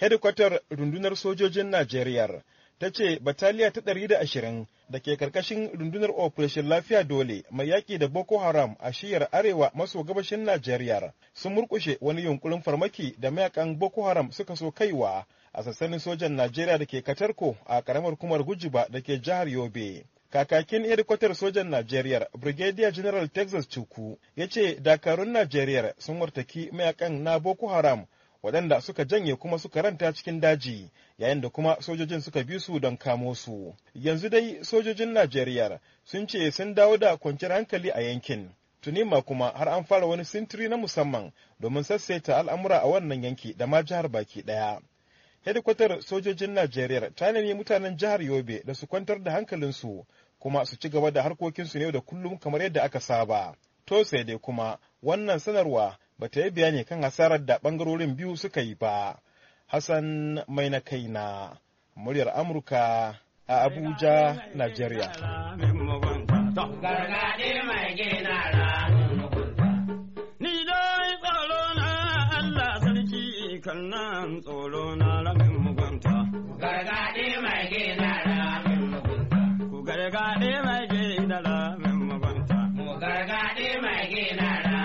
hedikwatar rundunar sojojin Najeriya ta ce bataliya ta 120 da ke karkashin rundunar operation lafiya dole mai yaƙi da Boko Haram a shiyar arewa maso gabashin Najeriya sun murkushe wani yunkurin farmaki da mayakan Boko Haram suka so kaiwa a sassanin sojan Najeriya da ke Katarko a karamar kumar Gujiba da ke jihar Yobe. Kakakin hedikwatar sojan Najeriya, Brigadier General Texas chuku ya ce dakarun Najeriya sun wartaki mayakan na Boko Haram waɗanda suka janye kuma suka ranta cikin daji yayin da kuma sojojin suka bi su don kamo su yanzu dai sojojin najeriya sun ce sun dawo da kwanciyar hankali a yankin tunima kuma har an fara wani sintiri na musamman domin sassaita al'amura a wannan yanki da ma jihar baki ɗaya hedikwatar sojojin najeriya ta nemi mutanen jihar yobe da su kwantar da hankalinsu kuma su ci gaba da harkokinsu ne da kullum kamar yadda aka saba to sai dai kuma wannan sanarwa ba ta yi bayani kan hasarar da bangarorin biyu suka yi ba. Hassan mai na kaina, muryar Amurka a Abuja, Najeriya. Ku gargaɗe mai gina mai gina